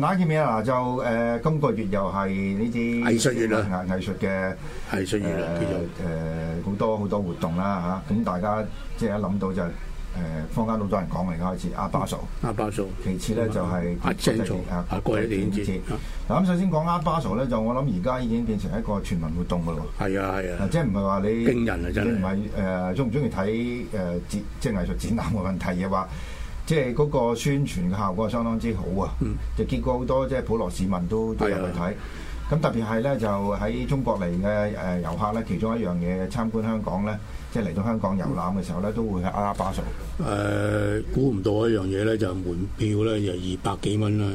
嗱見面啊！嗱就誒，今個月又係呢啲藝術月啦，藝藝術嘅藝術月啦，有誒好多好多活動啦嚇。咁大家即係一諗到就誒、係，坊間好多人講而家開始阿巴蘇，阿巴蘇。啊、巴嫂其次咧就係國際，國際電影節。嗱咁首先講阿巴蘇咧，就我諗而家已經變成一個全民活動噶喎。係啊係啊，啊即係唔係話你？驚人、啊、真你唔係誒中唔中意睇誒即係藝術展覽嘅問題嘅話，即係嗰個宣傳嘅效果係相當之好啊！就、嗯、結果好多即係普羅市民都都入去睇。咁的特別係咧，就喺中國嚟嘅誒遊客咧，其中一樣嘢參觀香港咧，即係嚟到香港遊覽嘅時候咧，都會喺 Art Basel。誒、呃，估唔到一樣嘢咧，就係、門票咧就係、二百幾蚊啦，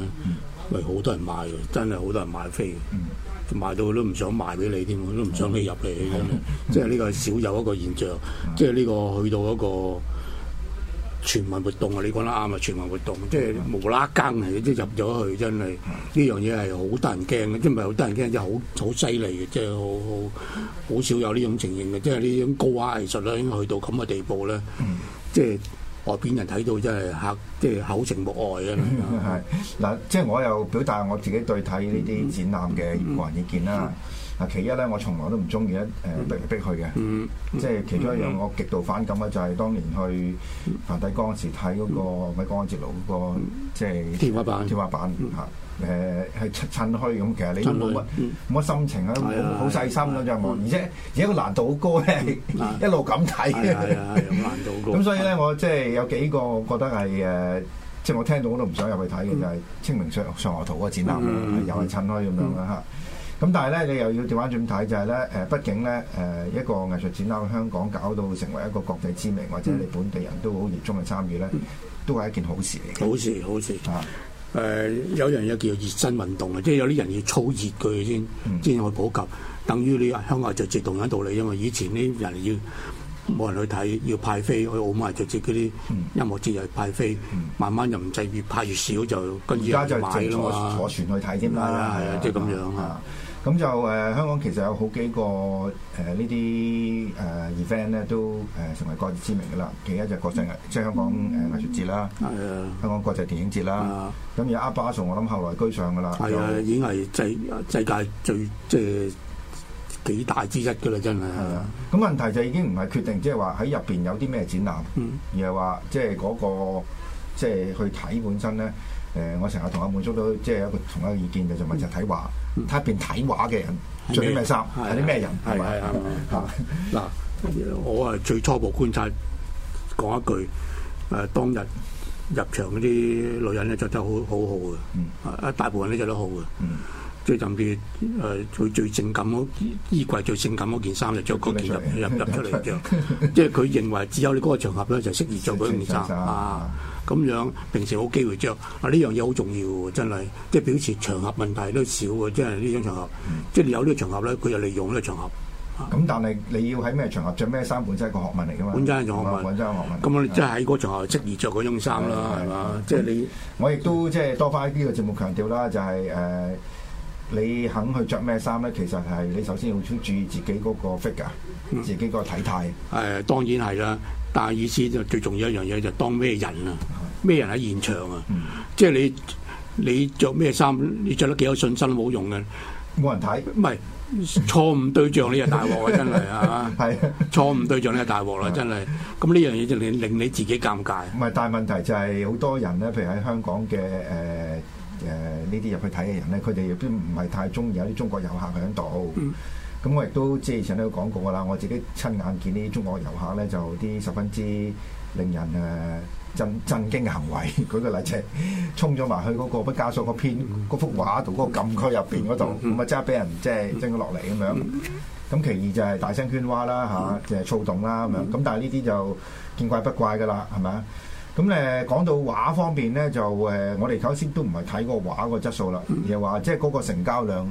咪好、嗯、多人買㗎，真係好多人買飛，嗯、買到佢都唔想賣俾你添，佢都唔想你入嚟嘅。即係呢個少有一個現象，嗯嗯、即係呢個去到一個。全民活動啊！你講得啱啊！全民活動即係無啦更嚟即係入咗去，真係呢、嗯、樣嘢係好得人驚嘅，即唔係好得人驚，即係好好犀利嘅，即係好好少有呢種情形嘅，即係呢種高雅藝術咧，已經去到咁嘅地步咧、嗯，即係外邊人睇到真係嚇，即係口情目外，嘅。係嗱，即係我又表達我自己對睇呢啲展覽嘅個人意見啦。嗯嗯嗯嗯嗯嗯嗱，其一咧，我從來都唔中意一誒，逼嚟逼去嘅，即係其中一樣我極度反感咧，就係當年去梵蒂岡時睇嗰個咩江安節路嗰個即係天花板天花板，嚇，誒係趁墟咁。其實你冇乜冇乜心情啊，冇好細心嗰隻嘛。而且而家個難度好高咧，一路咁睇，咁所以咧，我即係有幾個覺得係誒，即係我聽到我都唔想入去睇嘅，就係清明上上河圖嗰個展覽，又係趁墟咁樣啦嚇。咁但係咧，你又要調翻轉睇就係咧，誒，畢竟咧，誒，一個藝術展覽喺香港搞到成為一個國際知名，或者你本地人都好熱衷去參與咧，都係一件好事嚟嘅。好事，好事。誒，有一樣嘢叫熱身運動嘅，即係有啲人要操熱佢先，先去普及。等於你香港藝術節同樣道理，因為以前啲人要冇人去睇，要派飛去澳門，藝術節嗰啲音樂節又派飛，慢慢又唔制，越派越少就跟而家就係坐坐船去睇添啦，係啊，即係咁樣啊。咁就誒、呃，香港其實有好幾個誒呢啲誒 event 咧，都、呃、誒、呃呃、成為國際知名噶啦。其一就國際、嗯、即係香港誒藝術節啦，嗯、香港國際電影節啦。咁而阿巴松，o, 我諗後來居上噶啦，係啊、嗯，就已經係世世界最即係幾大之一噶啦，真係。咁問題就已經唔係決定，即係話喺入邊有啲咩展覽，嗯、而係話即係嗰個即係、就是、去睇本身咧。誒，我成日同阿滿足都即係有個同一個意見，就係問實睇畫，睇一邊睇畫嘅人著啲咩衫，睇啲咩人？係係係。嗱，我啊最初步觀察講一句，誒，當日入場嗰啲女人咧着得好好好嘅，大部分都着得好嘅。即係甚至誒，佢最性感，衣櫃最性感嗰件衫，就着嗰件入入出嚟着。即係佢認為只有呢個場合咧就適宜着嗰件衫啊。咁樣平時好機會着。啊！呢樣嘢好重要喎，真係即係表示場合問題都少喎，即係呢種場合，即、嗯、你有呢個場合咧，佢就利用呢個場合。咁但係你要喺咩場合着咩衫，本身係個學問嚟㗎嘛，本身係種學問。咁我哋即係喺嗰場合適宜着嗰種衫啦，係嘛？即係我亦都即係多翻一啲嘅節目強調啦，就係、是、誒、呃、你肯去着咩衫咧，其實係你首先要注意自己嗰個 figure 自己個體態。係、嗯嗯嗯、當然係啦、啊。但係意思就最重要一樣嘢就當咩人啊？咩是人喺現場啊？嗯、即係你你著咩衫？你着得幾有信心都冇用嘅，冇人睇。唔係錯誤對象，你就大鑊 的啊！真係啊嘛，錯誤對象你就大鑊啦！真係，咁呢樣嘢就令令你自己尷尬。唔係，但係問題就係好多人咧，譬如喺香港嘅誒誒呢啲入去睇嘅人咧，佢哋亦都唔係太中意有啲中國遊客喺度。嗯咁我亦都即係以前都有講過㗎啦，我自己親眼見呢啲中國遊客咧，就啲十分之令人誒震震驚嘅行為。舉個例，即係衝咗埋去嗰個畢加索嗰邊嗰幅畫度嗰個禁區入邊嗰度，咁啊即刻俾人即係掙咗落嚟咁樣。咁其二就係大聲喧譁啦，嚇即係躁動啦咁樣。咁但係呢啲就見怪不怪㗎啦，係咪啊？咁誒講到畫方面咧，就誒我哋頭先都唔係睇個畫個質素啦，而係話即係嗰個成交量。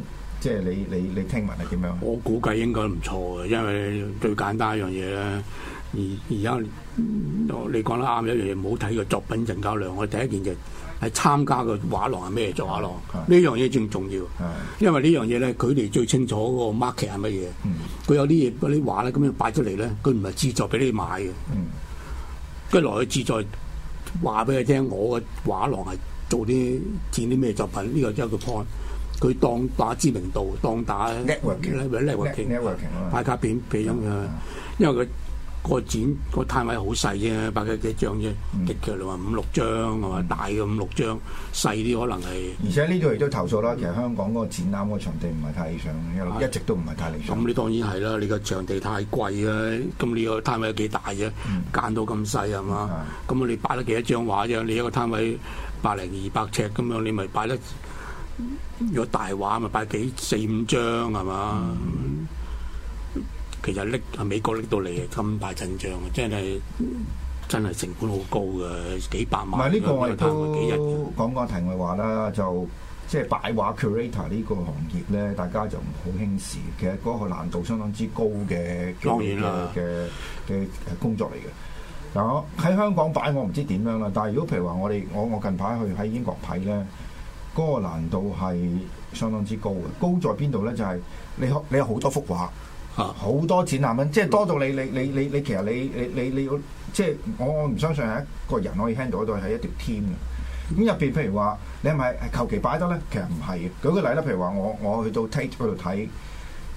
即係你你你聽聞係點樣？我估計應該唔錯嘅，因為最簡單一樣嘢咧，而而家你講得啱一樣嘢，唔好睇個作品成交量。我第一件就係參加個畫廊係咩作畫廊？呢樣嘢正重要，啊、因為呢樣嘢咧，佢哋最清楚個 market 係乜嘢。佢、嗯、有啲嘢嗰啲畫咧，咁樣擺出嚟咧，佢唔係自作俾你買嘅。跟住、嗯、來去自作話俾佢聽，我個畫廊係做啲剪啲咩作品？呢個即係個 point。佢當打知名度，當打咧，或者 networking，擺卡片俾咁樣，因為佢個展個攤位好細啫，擺咗幾張啫，極其量，五六張啊嘛，大嘅五六張，細啲可能係。而且呢度亦都投訴啦，其實香港嗰個展覽個場地唔係太理想，因為一直都唔係太理想。咁你當然係啦，你個場地太貴啊，咁你個攤位有幾大嘅，揀到咁細係嘛？咁你擺得幾多張畫啫？你一個攤位百零二百尺咁樣，你咪擺得。如果大畫咪擺幾四五張係嘛？嗯、其實拎啊美國拎到嚟啊，咁大陣仗啊，即係真係成本好高噶，幾百萬。唔係呢個我哋亦都。講講題外話啦，就即係擺畫 curator 呢個行業咧，大家就唔好輕視。其實嗰個難度相當之高嘅，當然啦，嘅嘅嘅工作嚟嘅，嗯。但我喺香港擺我唔知點樣啦，但係如果譬如話我哋我我近排去喺英國睇，咧。呢嗰個難度係相當之高嘅，高在邊度咧？就係、是、你你有好多幅畫，嚇好、啊、多展覽品，即係多到你你你你你其實你你你你要即係我我唔相信係一個人可以 handle 到，係一條 team 嘅。咁入邊譬如話，你係咪係求其擺得咧？其實唔係嘅。舉個例啦，譬如話我我去到 Tate 嗰度睇，誒、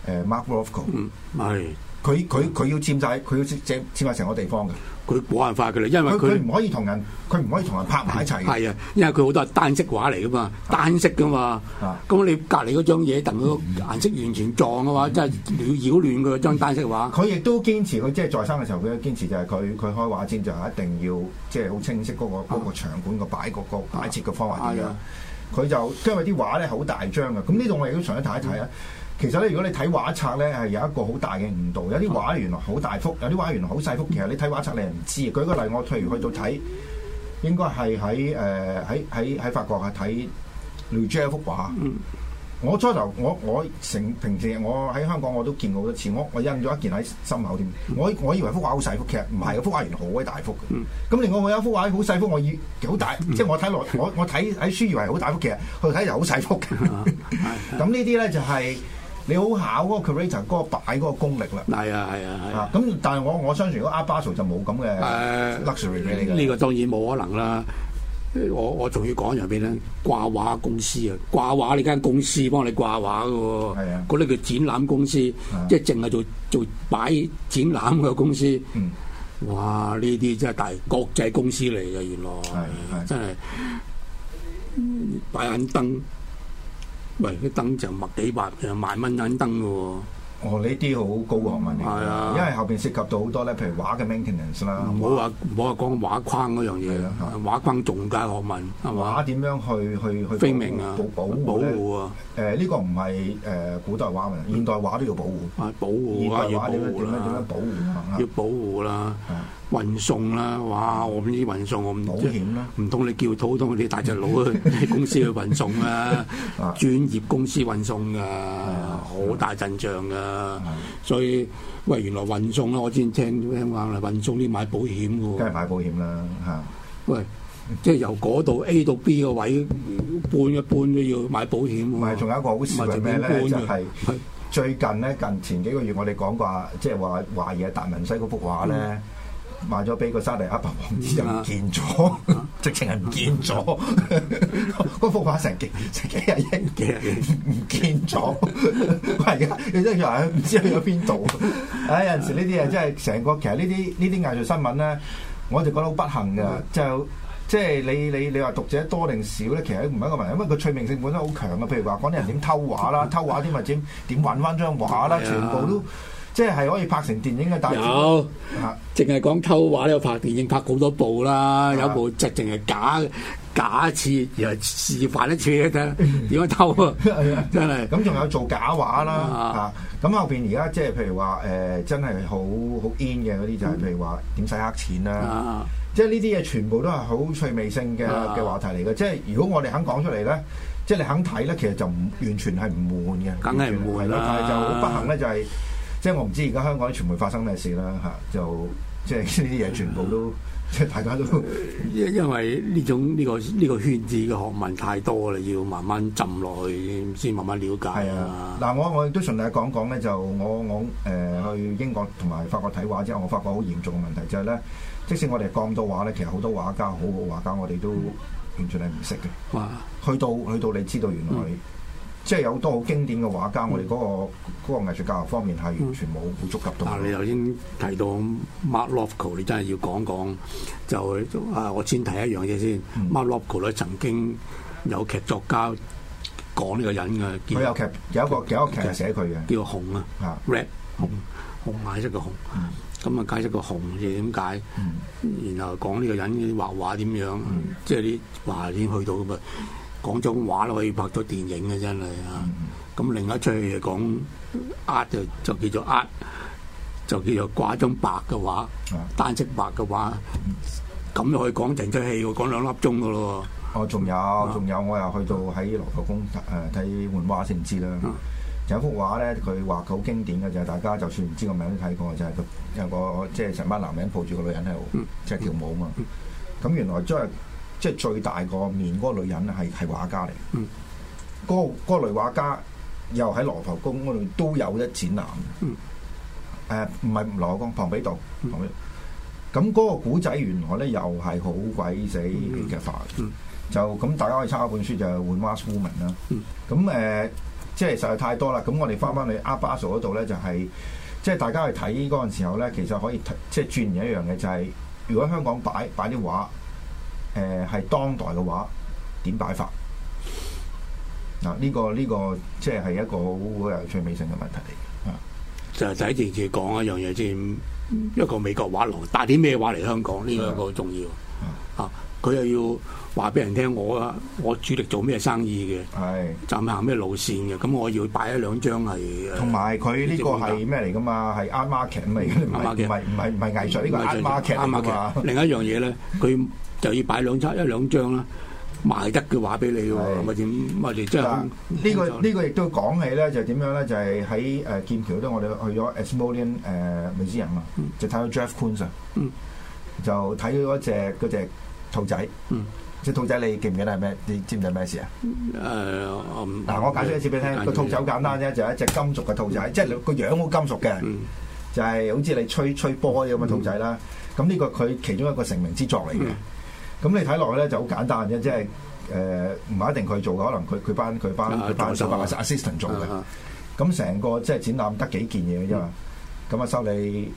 呃、Mark Rothko，嗯、係、佢佢佢要佔晒，佢要佔佔曬成個地方嘅。佢個人化嘅啦，因為佢唔可以同人，佢唔可以同人拍埋一齊。係啊，因為佢好多係單色畫嚟噶嘛，的單色噶嘛。咁的你隔離嗰張嘢等佢顏色完全撞嘅話，的真係要擾亂佢張單色畫。佢亦都堅持，佢即係在生嘅時候佢都堅持就係佢佢開畫展，就一定要即係好清晰嗰、嗰個嗰的個場館嘅擺個、嗰個擺設嘅方案啲啦。佢就將佢啲畫咧好大張嘅，咁呢度我亦都上一睇一睇啊。其實咧，如果你睇畫冊咧，係有一個好大嘅誤導。有啲畫原來好大幅，有啲畫原來好細幅。其實你睇畫冊你係唔知。舉個例，我譬如去到睇，應該係喺誒喺喺喺法國係睇 Le Jeu d 我初頭我我成平時我喺香港我都見過好多次，我我印咗一件喺心口添。我我以為幅畫好細幅，其實唔係，幅畫原來好鬼大幅。咁另外我有幅畫好細幅，我以好大，即係我睇落我我睇喺書以為好大幅，其實佢睇就好細幅。咁 呢啲咧就係、是、你好考嗰個 curator 嗰個擺嗰個功力啦。係啊係啊，咁、啊啊啊啊、但係我我相信 Art Basel 就冇咁嘅 luxury 俾你呢、啊這個當然冇可能啦。我我仲要講入邊咧掛畫公司啊，掛畫呢間公司幫你掛畫嘅喎，嗰啲、啊、叫展覽公司，啊、即係淨係做做擺展覽嘅公司。嗯、哇！呢啲真係大國際公司嚟嘅，原來真係是是、嗯、擺銀燈，唔係啲燈就賣幾百，就萬蚊銀燈嘅喎、哦。哦，呢啲好高學問嚟嘅，因為後邊涉及到好多咧，譬如畫嘅 maintenance 啦，唔好話唔好話講畫框嗰樣嘢啦，畫框仲加學問，畫點樣去去去保保保護啊？誒，呢個唔係誒古代畫文，現代畫都要保護，保護現代畫要點樣點樣保護啊？要保護啦。運送啦，哇！我呢啲運送我唔保險啦，唔通你叫普通啲大隻佬去公司去運送啊？專業公司運送噶，好大陣仗噶。所以喂，原來運送啦，我之前聽聽話啦，運送啲買保險噶喎，梗係買保險啦嚇。喂，即係由嗰度 A 到 B 個位搬一搬都要買保險。唔係，仲有一個好事嘅最近咧，近前幾個月我哋講過，即係話華野達文西嗰幅畫咧。賣咗俾個沙地阿白王子就唔見咗，嗯啊、呵呵直情係唔見咗。嗰幅畫成幾成幾廿億嘅，唔見咗。而家有啲人話唔知去咗邊度。唉、哎，有陣時呢啲嘢真係成個，其實藝術新聞呢啲呢啲藝術新聞咧，我就覺得好不幸噶、嗯。就即、是、係你你你話讀者多定少咧，其實唔係一個問題，因為佢趣味性本身好強嘅。譬如話講啲人點偷畫啦，嗯、偷畫啲或者點搵翻張畫啦，全部都。嗯即係可以拍成電影嘅，但係淨係講偷畫咧，有拍電影拍好多部啦，有部直淨係假假設又示範一次嘅啫，點樣偷啊？真係咁，仲有做假畫啦。咁後邊而家即係譬如話誒，真係好好 in 嘅嗰啲就係譬如話點使黑錢啦，即係呢啲嘢全部都係好趣味性嘅嘅話題嚟嘅。即係如果我哋肯講出嚟咧，即係你肯睇咧，其實就唔完全係唔悶嘅。梗係悶啦，但係就好不幸咧，就係。即係我唔知而家香港啲傳媒發生咩事啦嚇、啊，就即係呢啲嘢全部都 即係大家都，因因為呢種呢、這個呢、這個圈子嘅學問太多啦，要慢慢浸落去先慢慢了解啊。啊，嗱我我亦都順帶講講咧，就我我誒、呃、去英國同埋法國睇畫之後，我發覺好嚴重嘅問題就係咧，即使我哋講咁多畫咧，其實好多畫家，好好畫家，我哋都完全係唔識嘅。哇！去到去到你知道原來、嗯。即係有好多好經典嘅畫家，我哋嗰個嗰個藝術教育方面係完全冇冇觸及到。但你頭先提到 Mark Rothko，你真係要講講就啊！我先提一樣嘢先。Mark Rothko 咧曾經有劇作家講呢個人嘅，佢有劇有一個劇劇寫佢嘅，叫紅啊，red 紅紅顏色嘅紅。咁啊，解釋個紅嘢點解？然後講呢個人嘅畫畫點樣，即係啲畫已經去到咁啊。講種畫都可以拍到電影嘅真係啊！咁、嗯、另一出戲講呃就就叫做呃就叫做掛張白嘅畫，嗯、單色白嘅畫，咁又可以講成出戲，講兩粒鐘嘅咯。哦有，仲有仲有，我又去到喺羅浮宮誒睇《呃、完畫》先知啦。有一幅畫咧，佢畫嘅好經典嘅就係大家就算唔知個名都睇過，就係、是、有個即係成班男人抱住個女人喺度，即係、嗯嗯、跳舞啊嘛。咁原來即、就、係、是。即係最大個面嗰個女人係係畫家嚟。嗯、mm. 那個，嗰、那個嗰個女畫家又喺羅浮宮嗰度都有一展覽，嗯，唔係羅浮宮，龐比度，咁嗰個古仔原來咧又係好鬼死嘅煩，就咁大家可以抄一本書就換 Marxism 啦，咁、呃、誒即係實在太多啦，咁我哋翻翻去 Art Basel 嗰度咧就係、是、即係大家去睇嗰陣時候咧，其實可以即係轉另一樣嘢，就係、是、如果香港擺擺啲畫。誒係當代嘅話點擺法嗱？呢、啊這個呢、這個即係係一個好有趣味性嘅問題嚟嘅。啊、就喺正正講一樣嘢先，即一個美國畫廊帶啲咩畫嚟香港？呢一個好重要啊！佢又要話俾人聽，我啊，我主力做咩生意嘅？係是，暫行咩路線嘅？咁我要擺一兩張係。同埋佢呢個係咩嚟㗎嘛？係啱 market 嚟、嗯、嘅，唔係唔係唔係藝術呢個啱 market 另一樣嘢咧，佢。就要擺兩張一兩張啦，賣得嘅話俾你喎，唔咪點？我哋即係呢個呢個亦都講起咧，就點樣咧？就係喺誒劍橋嗰度，我哋去咗 Ashmolean 誒 Museum 嘛，就睇到 Jeff Koons，就睇到一隻嗰隻兔仔，隻兔仔你記唔記得係咩？你知唔知係咩事啊？誒嗱，我解釋一次俾你聽，個兔仔好簡單啫，就係一隻金屬嘅兔仔，即係個樣好金屬嘅，就係好似你吹吹波咁嘅兔仔啦。咁呢個佢其中一個成名之作嚟嘅。咁你睇落去咧就好簡單啫，即係誒唔係一定佢做嘅，可能佢佢班佢班佢班小白 assistant 做嘅。咁成個即係展覽得幾件嘢嘅啫嘛，咁啊收你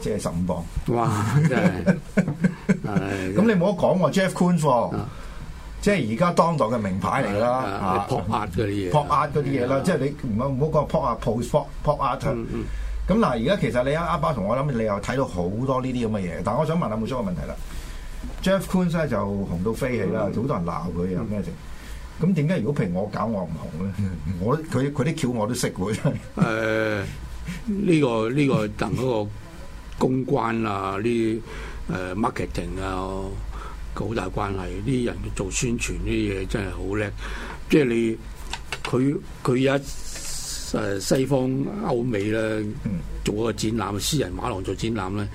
即係十五磅。哇！真係。咁你冇得講喎，Jeff Koons，即係而家當代嘅名牌嚟啦。Pop Art 嗰啲嘢，Pop Art 嗰啲嘢啦，即係你唔好唔好講。Pop Art，Pop Art。咁嗱，而家其實你阿阿同我諗，你又睇到好多呢啲咁嘅嘢。但係我想問下，冇昌個問題啦。Jeff Koons 咧就紅到飛起啦，好、嗯、多人鬧佢又咩嘢？咁點解如果譬如我搞我唔紅咧？嗯、我佢佢啲橋我都識喎。誒呢、呃呢個呢、呢個同嗰 個公關啊，呢誒、呃、marketing 啊，好大關係。啲人做宣傳啲嘢真係好叻。即係你佢佢而家誒西方歐美咧、嗯、做個展覽，私人馬郎做展覽咧。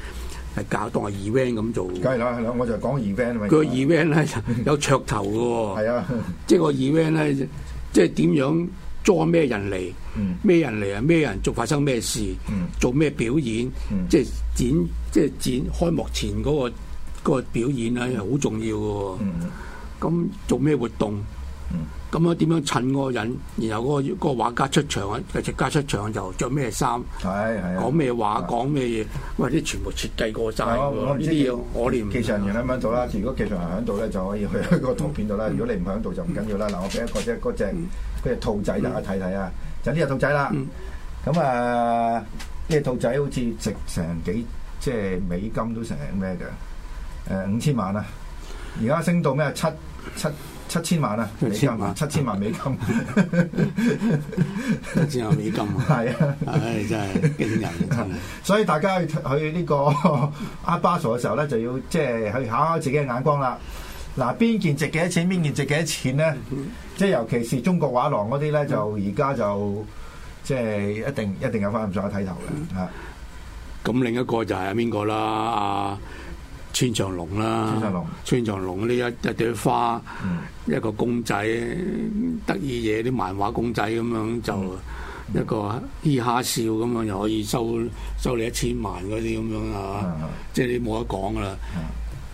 係教當係 event 咁做，梗係啦，係啦，我就講 event 啊，個 event 咧有噱頭嘅喎，係啊，即係個 event 咧，即係點樣裝咩人嚟？咩人嚟啊？咩人做發生咩事？嗯、做咩表演？嗯、即係展，即係展開幕前嗰、嗰個嗰個表演咧，係好重要嘅喎。嗯，咁做咩活動？嗯。咁樣點樣襯嗰個人，然後嗰、那個嗰、那個、畫家出場啊，藝術家出場就着咩衫，講咩話，是講咩嘢，喂是！啲全部設計過晒？㗎。我唔知要我念技術人員喺唔度啦？嗯、如果技術員喺度咧，就可以去去個圖片度啦。如果你唔喺度就唔緊要啦。嗱，我俾一個啫，嗰隻，隻，隻兔仔大家睇睇啊。看看嗯、就呢隻兔仔啦。咁啊、嗯，呢隻、呃、兔仔好似值成幾，即係美金都成咩嘅？誒、呃、五千萬啦、啊，而家升到咩七七？七七七七千萬啊！七千萬，七千萬美金，七千萬美金哈哈 啊！係啊！唉，真係驚人啊！真係，所以大家去去呢、這個阿、啊、巴索嘅時候咧，就要即係去考下自己嘅眼光啦。嗱、啊，邊件值幾多錢，邊件值幾多錢咧？即係尤其是中國畫廊嗰啲咧，就而家就即係一定一定有翻咁上下睇頭嘅嚇。咁、嗯、的另一個就係邊個啦？阿、啊 村上隆啦，村上隆，村上隆呢一一朵花，嗯、一個公仔，得意嘢啲漫畫公仔咁樣就一個嘻哈笑咁樣又可以收收你一千萬嗰啲咁樣啊，嗯嗯嗯、即係你冇得講噶啦。嗯、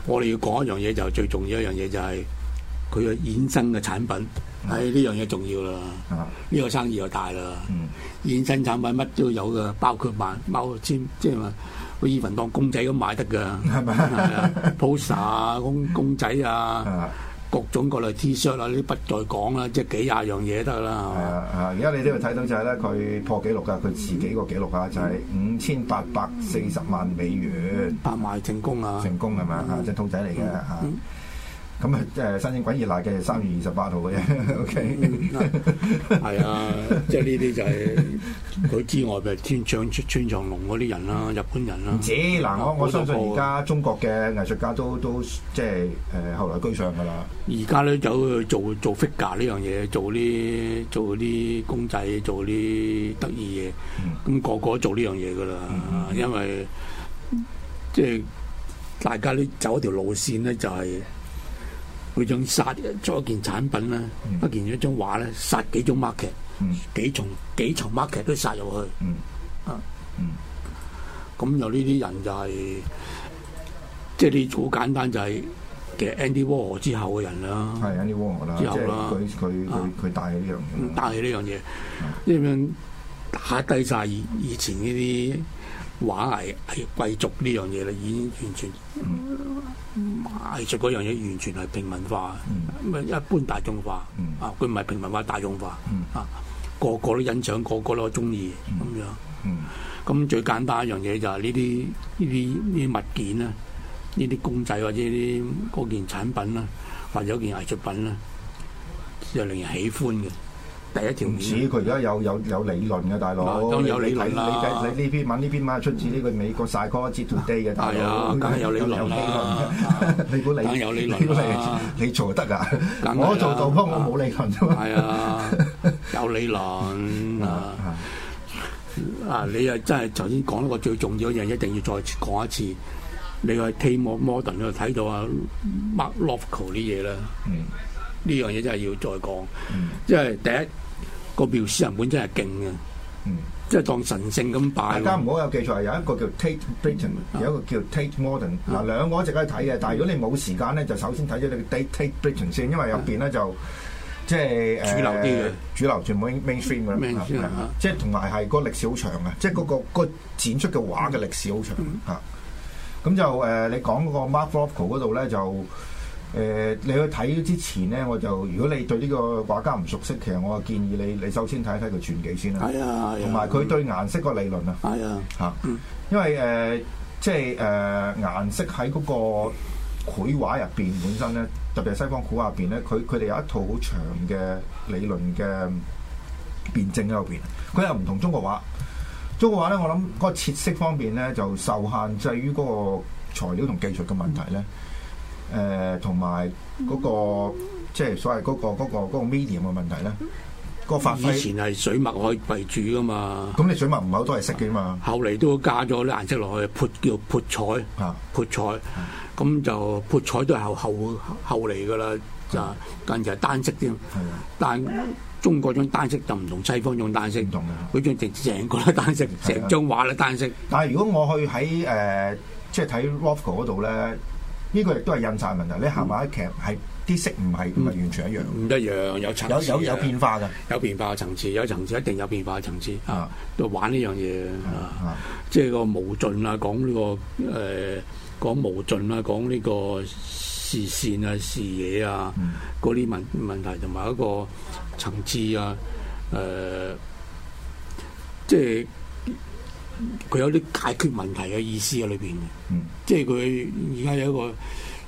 我哋要講一樣嘢就係、最重要一樣嘢就係佢嘅衍生嘅產品，係呢、嗯哎嗯、樣嘢重要啦。呢、嗯、個生意又大啦，衍生產品乜都有噶，包括萬包括簽，即係話。嗯嗯嗯個衣裙當公仔咁買得噶 p o s 啊公 公仔啊， 各種各類 t shirt,、就是、s 啊， 呢啲不再講啦，即係幾廿樣嘢得啦，係嘛？啊，而家你呢度睇到就係咧，佢破紀錄噶，佢自己個紀錄啊，就係五千八百四十萬美元，拍賣成功啊！成功係嘛？吓，即係兔仔嚟嘅吓。 嗯嗯咁啊！誒、嗯，新鮮滾熱辣嘅三月二十八號嘅啫。O K，係啊，即係呢啲就係、是、佢 之外嘅村上村上隆嗰啲人啦、啊，日本人、啊、啦。唔止嗱，我我相信而家中國嘅藝術家都都即係誒後來居上噶啦。而家咧走去做做 figure 呢樣嘢，做啲做啲公仔，做啲得意嘢。咁、嗯嗯、個個都做呢樣嘢噶啦，嗯、因為即係、就是、大家都走一條路線咧、就是，就係。佢想殺咗一件產品咧，嗯、一件一張畫咧，殺幾種 market、嗯、幾重幾層 market 都殺入去。嗯，嗯，咁、啊嗯、有呢啲人就係、是，即係你好簡單就係，其實 Andy Warhol 之後嘅人啦。係 Andy Warhol 啦，佢佢佢佢帶起呢樣嘢。嗯、啊，帶起呢樣嘢，呢樣、啊、打低晒以前呢啲畫藝係貴族呢樣嘢啦，已經完全，全、嗯。嗯藝術嗰樣嘢完全係平民化，一般大眾化，嗯、啊佢唔係平民化大眾化，啊個個都欣賞，個個都中意咁樣。咁、嗯、最簡單一樣嘢就係呢啲呢啲呢啲物件咧，呢啲公仔或者呢嗰件產品咧，或者件藝術品咧，就令人喜歡嘅。第一條唔似佢而家有有有理論嘅大佬，有理論啦。你睇你呢篇文呢篇文出自呢個美國《Psychology Today》嘅大佬，梗係有理論啦。你估理你？你做得啊？我做到，不過我冇理論啫嘛。啊，有理論啊！啊，你又真係頭先講一個最重要嘅嘢，yeah, 一定要再講一次。你去 Tate Modern 嗰度睇到啊 Mark Rothko 啲嘢啦。呢樣嘢真係要再講。即係第一。個描師人本真係勁嘅，嗯，即係當神聖咁擺。大家唔好有記錯，有一個叫 Tate Britain，有一個叫 Tate Modern。嗱，兩個一直喺度睇嘅，但係如果你冇時間咧，就首先睇咗你個 Tate Britain 先，因為入邊咧就即係、呃、主流啲嘅，主流全部 mainstream 嘅啦，即係同埋係個歷史好長嘅，即係嗰個展、嗰個、出嘅畫嘅歷史好長嚇。咁、嗯、就誒、呃，你講嗰個 Marlborough 嗰度咧就。誒、呃，你去睇之前咧，我就如果你對呢個畫家唔熟悉，其實我建議你，你首先睇一睇佢傳記先啦。係啊，同埋佢對顏色個理論啊。係啊、哎，嚇、嗯，因為誒，即係誒，顏色喺嗰個繪畫入邊本身咧，特別係西方繪畫入邊咧，佢佢哋有一套好長嘅理論嘅辯證喺入邊。佢又唔同中國畫。中國畫咧，我諗嗰個設色方面咧，就受限制於嗰個材料同技術嘅問題咧。嗯誒同埋嗰個即係所謂嗰、嗰個嗰、嗰個嗰、嗰個 medium 嘅問題咧，嗰個發以前係水墨可以為主㗎嘛，咁、嗯、你水墨唔係好多係色嘅嘛，後嚟都加咗啲顏色落去，潑叫潑彩啊，潑彩，咁、啊、就潑彩都係後後後嚟噶啦，就近就係單色添，的但係中國種單色就唔同西方種單色，唔同嘅，佢仲成成個都係單色，成的張畫都係單色。嗯、但係如果我去喺誒、呃、即係睇 Rothko 嗰度咧？呢呢個亦都係印刷問題，你行埋一劇係啲色唔係唔係完全一樣，唔一樣有層有有有變化嘅，有變化嘅層次，有層次一定有變化嘅層次、嗯、啊！都玩呢樣嘢即係個無盡啊，講呢、呢個誒、呃、講無盡啊，講呢個視線啊視野啊嗰啲問問題同埋一個層次啊誒、呃，即係。佢有啲解決問題嘅意思喺裏邊嘅，嗯、即係佢而家有一個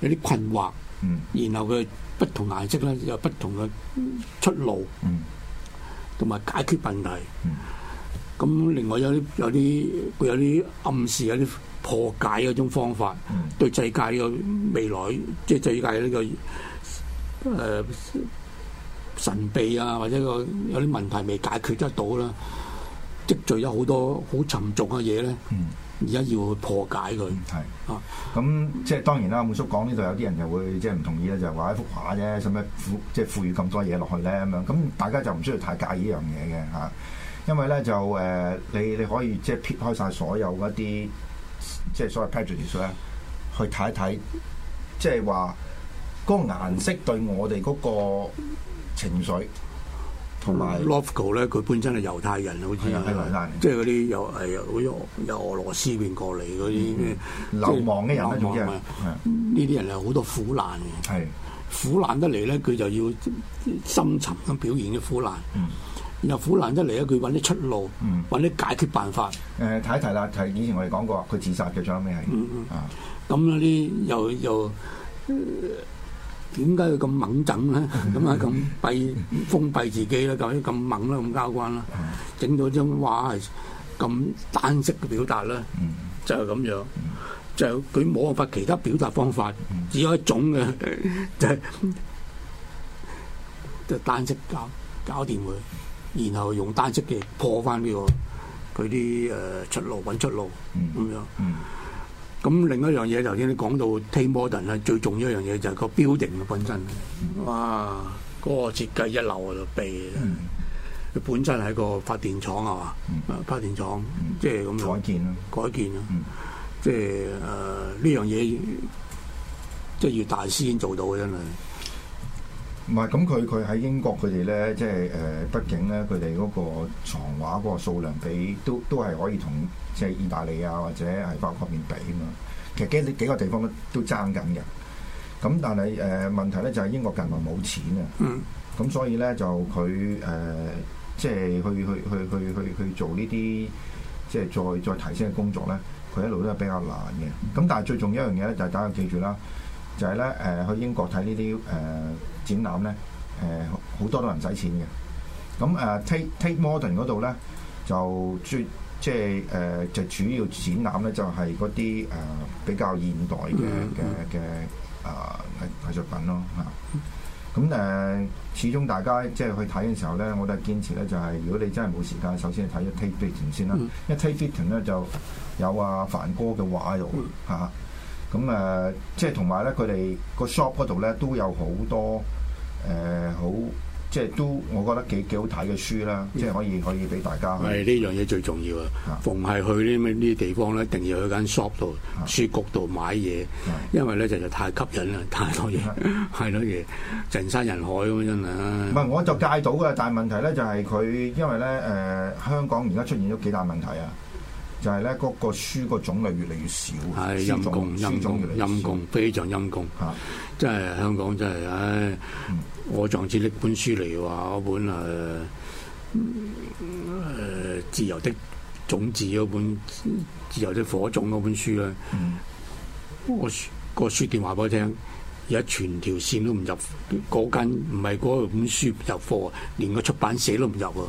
有啲困惑，嗯、然後佢不同顏色咧有不同嘅出路，同埋、嗯、解決問題。咁、嗯嗯、另外有啲有啲佢有啲暗示，有啲破解嗰種方法，嗯、對世界嘅未來，即係世界嘅、這個誒、呃、神秘啊，或者個有啲問題未解決得到啦。積聚咗好多好沉重嘅嘢咧，而家、嗯、要破解佢。係是啊，咁即係當然啦。滿叔講呢度有啲人就會即係唔同意咧，就話一幅畫啫，使乜賦即係賦予咁多嘢落去咧咁樣？咁大家就唔需要太介意呢樣嘢嘅嚇，因為咧就誒、呃、你你可以即係撇開晒所有一啲即係所謂 patience 咧，去睇一睇，即係話嗰個顏色對我哋嗰個情緒。同埋 Lovko 咧，佢本身係猶太人，好似係猶太人，即係嗰啲又係又俄俄羅斯邊過嚟嗰啲流亡嘅人啊嘛，呢啲人係好多苦難嘅，苦難得嚟咧佢就要深沉咁表現啲苦難，然後苦難得嚟咧佢揾啲出路，揾啲解決辦法。誒睇一睇啦，係以前我哋講過，佢自殺嘅最屘係，啊咁啲又又。點解佢咁猛整咧？咁啊咁閉封閉自己啦，究竟咁猛啦，咁交關啦，整到張畫係咁單色嘅表達啦，就係、是、咁樣，就佢、是、冇辦法其他表達方法，只有一種嘅，就係、是、單色搞搞掂佢，然後用單色嘅破翻呢、這個佢啲誒出路揾出路咁、嗯、樣。咁另一樣嘢，頭先你講到 Tate Modern 啦，最重要一樣嘢就係個 building 嘅本身。嗯、哇，嗰、那個設計一流喎，就弊嘅。佢本身係一個發電廠啊嘛，啊、嗯、發電廠，嗯、即係咁改建改建咯，嗯、即係誒呢樣嘢，即、就、係、是、要大師先做到嘅，真係。唔係，咁佢佢喺英國佢哋咧，即係誒，畢竟咧，佢哋嗰個藏畫嗰個數量比都都係可以同即係意大利啊或者係法國面比嘛。其實幾呢幾個地方都都爭緊嘅。咁但係誒、呃、問題咧就係英國近來冇錢啊。咁所以咧就佢誒即係去去去去去去做呢啲即係再再提升嘅工作咧，佢一路都係比較難嘅。咁但係最重要一樣嘢咧就係、是、大家記住啦。就係咧，誒去英國睇呢啲誒展覽咧，誒好多都唔使錢嘅。咁誒 Tate Tate Modern 嗰度咧，就即係誒就主要展覽咧，就係嗰啲誒比較現代嘅嘅嘅誒藝術品咯嚇。咁誒，始終大家即係、就是、去睇嘅時候咧，我都係堅持咧、就是，就係如果你真係冇時間，首先去睇咗 Tate Britain 先啦。一 Tate Britain 咧就有阿、啊、梵哥嘅畫喎嚇。Mm hmm. 咁啊、嗯，即係同埋咧，佢哋個 shop 嗰度咧都有好多誒、呃、好，即係都我覺得幾幾好睇嘅書啦，嗯、即係可以可以俾大家。係呢樣嘢最重要啊！逢係、嗯、去呢啲呢啲地方咧，一定要去間 shop 度書局度買嘢，嗯、因為咧就實在太吸引啦，太多嘢，太多嘢，人山人海咁樣啊！唔係，我就介到嘅，但係問題咧就係佢，因為咧誒、呃，香港而家出現咗幾大問題啊！就係咧，嗰、那個書個種類越嚟越少，書種書種越嚟越少。陰公非常陰公！啊、真係香港真係，唉！嗯、我撞知呢本書嚟話嗰本誒誒、呃呃《自由的種子》嗰本，《自由的火種》嗰本書咧，嗯、我書、那個書電話俾我聽。而家全條線都唔入，嗰間唔係嗰本書入貨，連個出版社都唔入啊。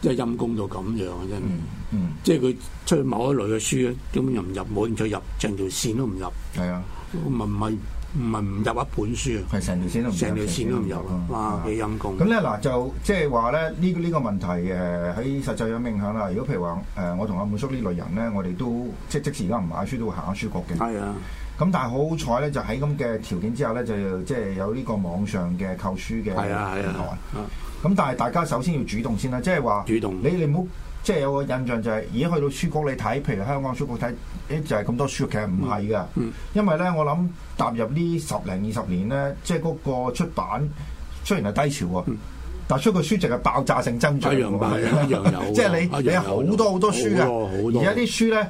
即係陰公到咁樣啊！真係，即係佢出某一類嘅書咧，根本就唔入門，再入成條線都唔入。係啊，唔係唔係唔入一本書啊，成條線都唔入咯。哇，幾陰公！咁咧嗱，就即係話咧呢呢個問題誒，喺實際有咩影響啦。如果譬如話誒，我同阿滿叔呢類人咧，我哋都即即時而家唔買書都會行下書閣嘅。係啊。咁但係好彩咧，就喺咁嘅條件之下咧，就即係有呢個網上嘅購書嘅平台。咁但係大家首先要主動先啦，即係話，你哋唔好即係有個印象就係、是，而家去到書局你睇，譬如香港書局睇，誒就係、是、咁多書，其實唔係噶。因為咧，我諗踏入呢十零二十年咧，即係嗰個出版雖然係低潮啊，嗯、但出嘅書籍係爆炸性增長，一樣有即係你你係好多好多、多書嘅。啊啊、而家啲書咧。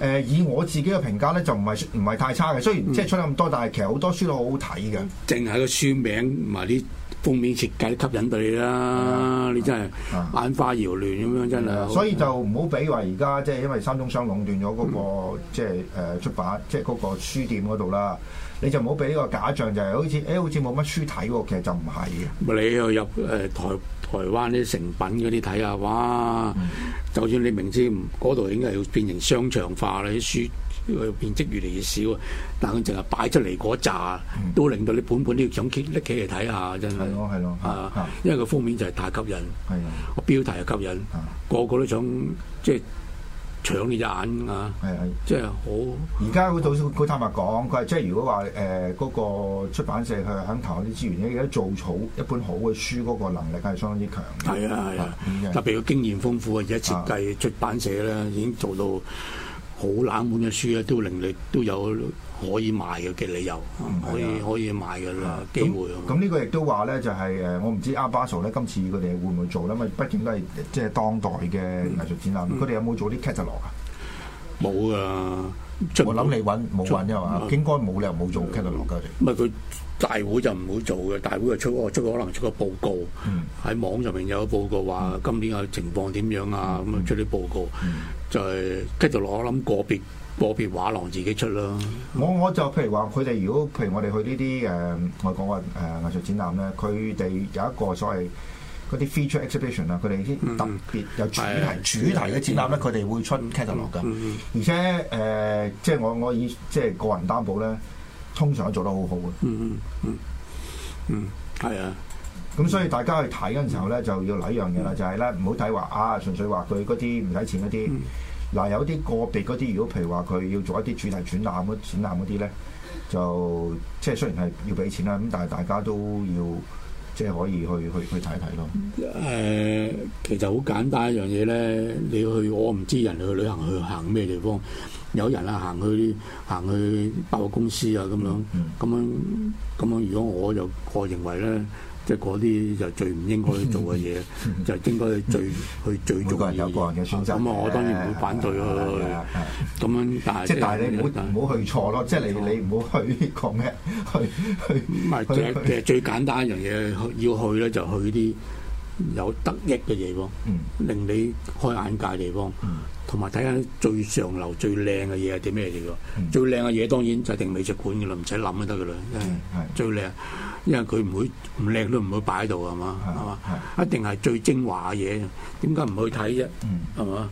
誒以我自己嘅評價咧，就唔係唔係太差嘅。雖然即係出得咁多，但係其實好多書都好好睇嘅。淨係個書名同埋啲封面設計吸引到你啦，嗯、你真係眼花繚亂咁樣，嗯、真係。所以就唔好俾話而家即係因為三中商壟斷咗嗰個即係誒出版，即係嗰個書店嗰度啦。你就唔好俾呢個假象，就係、是、好似誒、哎、好似冇乜書睇喎，其實就唔係嘅。你去入誒、呃、台台灣啲誠品嗰啲睇下，哇！嗯、就算你明知嗰度應該要變成商場化啦，啲書個面積越嚟越少，但佢淨係擺出嚟嗰扎，都令到你本本都要想拎起嚟睇下，真係。係咯係咯啊，呃、的因為個封面就係太吸引，個、啊、標題又吸引，個個都想即係。搶你隻眼啊！係係，即係好。而家佢到佢坦白講，佢係即係如果話誒嗰個出版社佢肯投嗰啲資源咧，而家做草一本好嘅書，嗰個能力係相當之強嘅。係啊係啊，的特別個經驗豐富嘅而家設計出版社咧，的已經做到。好冷門嘅書咧，都令你都有可以買嘅嘅理由，可以、啊、可以買嘅的機會。咁咁那、嗯、呢個亦都話咧，就係、是、誒，我唔知 Art Basel 咧今次佢哋會唔會做咧？因為畢竟都係即係當代嘅藝術展覽，佢哋、嗯、有冇做啲 catalog 啊、嗯？冇、嗯、啊！嗯出我諗你揾冇揾啫嘛，應該冇理由冇做 Kado 龍家的。唔係佢大會就唔會做嘅，大會就出個出個可能出個報告，喺、嗯、網上面有個報告話今年嘅情況點樣啊咁啊、嗯、出啲報告，嗯、就係 Kado 龍我諗個別個別畫廊自己出啦。我我就譬如話，佢哋如果譬如我哋去呢啲誒外國嘅誒藝術展覽咧，佢哋有一個所謂。嗰啲 feature exhibition 啊，佢哋啲特別有主題、嗯嗯、主題嘅展覽咧，佢哋會出 catalog 噶。嗯嗯、而且誒、呃，即係我我以即係個人擔保咧，通常都做得好好嘅、嗯。嗯嗯嗯嗯，係、嗯、啊。咁所以大家去睇嘅時候咧、嗯，就是、呢要留一樣嘢啦，就係咧唔好睇話啊，純粹話佢嗰啲唔使錢嗰啲。嗱、嗯啊，有啲個別嗰啲，如果譬如話佢要做一啲主題展覽展覽嗰啲咧，就即係雖然係要俾錢啦，咁但係大家都要。即係可以去去去睇睇咯。誒，其實好簡單一樣嘢咧，你去我唔知人哋去旅行去行咩地方，有人啊行去行去百貨公司啊咁樣，咁樣咁樣。樣如果我就我認為咧。即係嗰啲就最唔應該去做嘅嘢，就應該去最去最重要嘅嘢。每個人有個人嘅選擇。咁啊，我當然唔會反對咯。咁樣，但係即係但係你唔好唔好去錯咯。即係你你唔好去講咩，去去。咁啊，其實最簡單一樣嘢要去咧，就去啲。有得益嘅地方，令你開眼界嘅地方，同埋睇下最上流最靚嘅嘢係啲咩嘢喎？最靚嘅嘢當然就係定美術館嘅啦，唔使諗都得嘅啦，真係最靚，因為佢唔會唔靚都唔會擺喺度啊嘛，係嘛，一定係最精華嘅嘢。點解唔去睇啫？係嘛，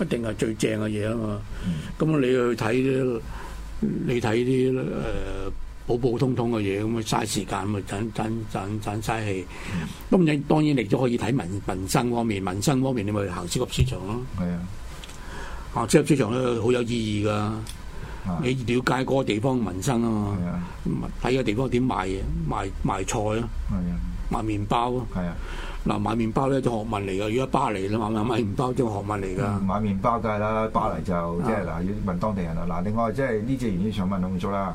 一定係最正嘅嘢啊嘛。咁你去睇咧，你睇啲誒，普普通通嘅嘢咁啊，嘥時間咁啊，盞盞盞盞嘥氣。咁你當然你都可以睇民民生方面，民生方面你咪行超級市場咯。係啊，行超級市場咧好有意義噶。啊、你了解個地方民生啊嘛。係啊，睇個地方點賣嘢賣賣菜咯。係啊，賣麵包咯。係啊，嗱買麵包咧就學問嚟㗎。如果巴黎咧買買麵包就學問嚟㗎。買麵包梗係啦，巴黎就，啊、就即係嗱要問當地人啦。嗱另外即係呢隻原因想問咁多啦。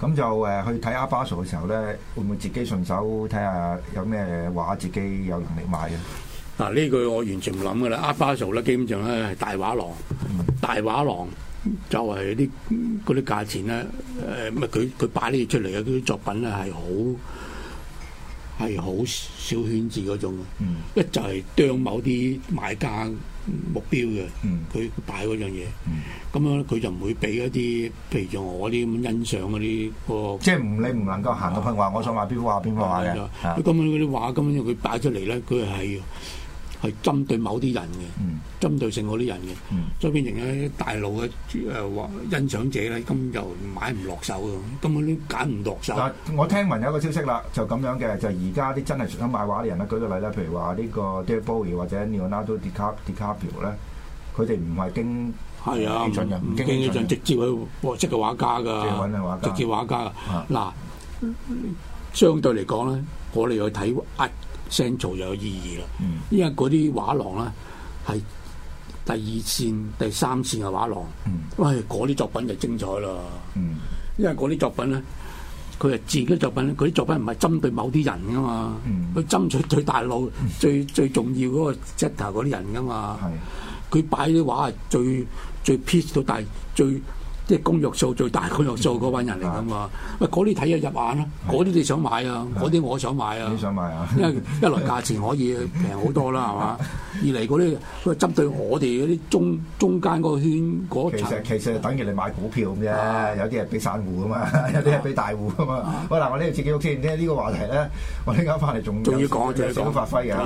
咁就誒去睇 Art Basel 嘅時候咧，會唔會自己順手睇下有咩畫自己有能力買啊？嗱，呢句我完全唔諗噶啦。Art Basel 咧，基本上咧係大畫廊，嗯、大畫廊就係啲啲價錢咧誒，咪佢佢擺呢嘢出嚟嘅啲作品咧係好係好小圈子嗰種嘅，一、嗯、就係釣某啲買家。目標嘅，佢、嗯、擺嗰、嗯、樣嘢，咁樣佢就唔會俾一啲，譬如像我啲咁欣賞嗰啲、嗰個。即係唔你唔能夠行到去話，啊、我想買邊幅畫邊幅畫咁樣嗰啲畫，咁樣佢擺出嚟咧，佢係。係針對某啲人嘅，嗯、針對性嗰啲人嘅，嗯、所以變成咧大陸嘅誒欣賞者咧，咁就買唔落手啊，根本都揀唔落手。嗱，我聽聞有一個消息啦，就咁樣嘅，就而家啲真係想心買畫嘅人咧，舉個例咧，譬如話呢個 David Bowie、e、或者 Leonardo DiCap DiCaprio 咧，佢哋唔係經係啊資人，唔不經資準直接去畫識嘅畫家噶，直接畫家。嗱、啊，相對嚟講咧，我哋去睇。啊聲做又有意義啦，嗯、因為嗰啲畫廊咧係第二線、第三線嘅畫廊，喂，嗰啲作品就精彩啦，嗯、因為嗰啲作品咧，佢係自己作品，佢啲作品唔係針對某啲人㗎嘛，佢、嗯、針對對大路、嗯、最最重要嗰個 e 頭嗰啲人㗎嘛，佢的擺啲畫係最最 piece 到大最。最即係公約數最大公約數嗰班人嚟㗎嘛，喂嗰啲睇就入眼啦，嗰啲你想買啊，嗰啲我想買啊，想買啊？因為一來價錢可以平好多啦，係嘛？ 二嚟嗰啲，佢針對我哋嗰啲中中間嗰圈，其實其實等於你買股票咁啫，啊、有啲係俾散戶㗎嘛，有啲係俾大戶㗎嘛。喂嗱，我呢度自己屋企，先，聽呢個話題咧，我啱啱翻嚟仲仲要講，仲要講，仲要發揮啊！